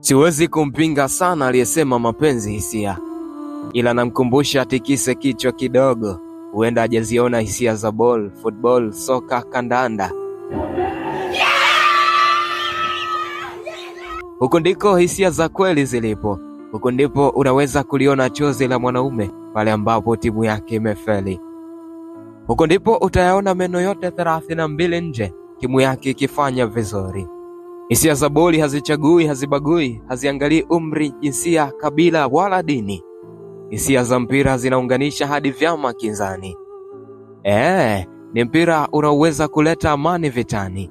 Siwezi kumpinga sana aliyesema mapenzi hisia, ila namkumbusha atikise kichwa kidogo, huenda hajaziona hisia za ball, football, soka, kandanda. Huku ndiko hisia za kweli zilipo. Huku ndipo unaweza kuliona chozi la mwanaume pale ambapo timu yake imefeli. Huku ndipo utayaona meno yote 32 nje, timu yake ikifanya vizuri. Hisia za boli hazichagui, hazibagui, haziangalii umri, jinsia, kabila wala dini. Hisia za mpira zinaunganisha hadi vyama kinzani. Eh, ni mpira unaoweza kuleta amani vitani,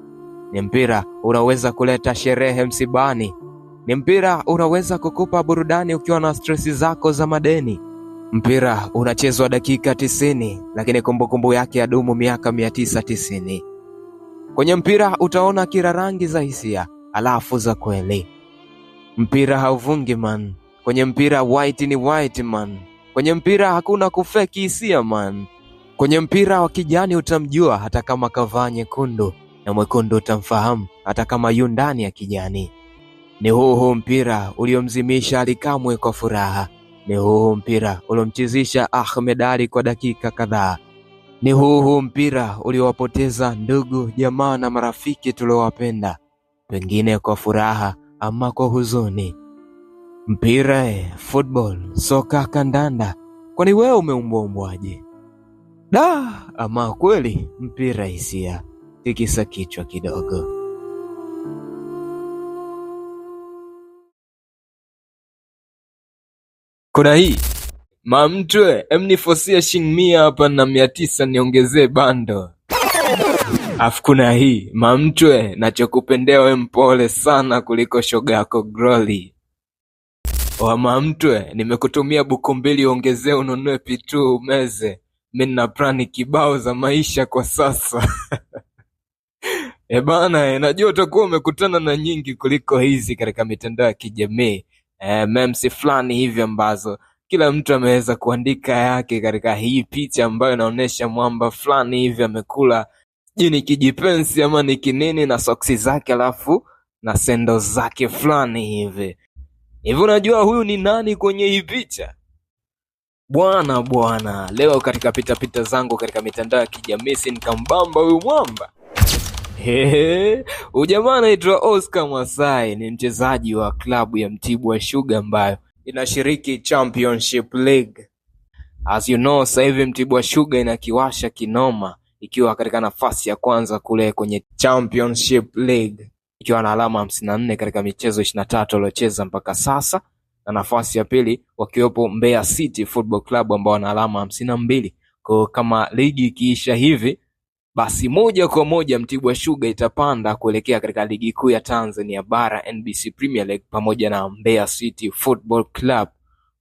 ni mpira unaoweza kuleta sherehe msibani, ni mpira unaweza kukupa burudani ukiwa na stresi zako za madeni. Mpira unachezwa dakika tisini, lakini kumbukumbu yake yadumu miaka mia tisa tisini. Kwenye mpira utaona kila rangi za hisia, alafu za kweli. Mpira hauvungi man, kwenye mpira white ni white man, kwenye mpira hakuna kufeki hisia man. Kwenye mpira wa kijani utamjua hata kama kavaa nyekundu, na mwekundu utamfahamu hata kama yu ndani ya kijani. Ni huu huu mpira uliomzimisha Alikamwe kwa furaha. Ni huu huu mpira uliomchizisha Ahmed Ali kwa dakika kadhaa. Ni huu huu mpira uliowapoteza ndugu, jamaa na marafiki tuliowapenda pengine kwa furaha ama kwa huzuni. Mpira, football, soka, kandanda, kwani wewe umeumbwa umbwaje? Da, ama kweli mpira hisia. Tikisa kichwa kidogo. Kuna hii mamtwe, emnifosia shilingi mia hapa na mia tisa niongezee bando Afkuna hii mamtwe, nachokupendea we mpole sana kuliko shoga yako Groli wa mamtwe, nimekutumia buku mbili uongezee ununue pitu umeze. Mi nna prani kibao za maisha kwa sasa E najua utakuwa umekutana na nyingi kuliko hizi katika mitandao ya kijamii e, memsi fulani hivi ambazo kila mtu ameweza kuandika yake katika hii picha ambayo inaonyesha mwamba fulani hivi amekula sijui ni kijipensi ama ni kinini na soksi zake alafu na sendo zake fulani hivi hivi. Unajua huyu ni nani kwenye hii picha? Bwana bwana, leo katika pitapita zangu katika mitandao ya kijamii si nikambamba huyu mwamba huyu jamaa anaitwa Oscar Masai, ni mchezaji wa klabu ya Mtibwa Sugar ambayo inashiriki Championship League. As you know, sasa hivi Mtibwa Sugar inakiwasha kinoma ikiwa katika nafasi ya kwanza kule kwenye Championship League ikiwa na alama hamsini na nne katika michezo ishirini na tatu waliocheza mpaka sasa, na nafasi ya pili wakiwepo Mbeya City Football Club ambao wana alama hamsini na mbili kwao. Kama ligi ikiisha hivi, basi moja kwa moja Mtibwa Sugar itapanda kuelekea katika ligi kuu ya Tanzania Bara, NBC Premier League, pamoja na Mbeya City Football Club.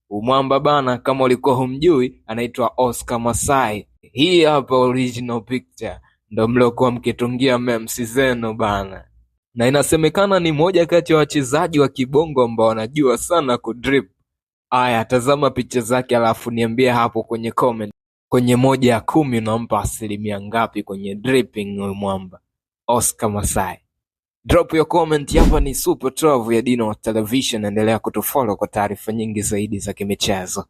Umwamba bana, kama ulikuwa humjui, anaitwa Oscar Masai hii hapa original picture ndo mliokuwa mkitungia memsi zenu bana, na inasemekana ni moja kati ya wachezaji wa kibongo ambao wanajua sana kudrip. Aya, tazama picha zake alafu niambie hapo kwenye comment, kwenye moja ya kumi unampa asilimia ngapi kwenye dripping huyu mwamba Oscar Masai? Drop your comment hapa. Ni Super 12 ya Dino Television, endelea kutufollow kwa taarifa nyingi zaidi za kimichezo.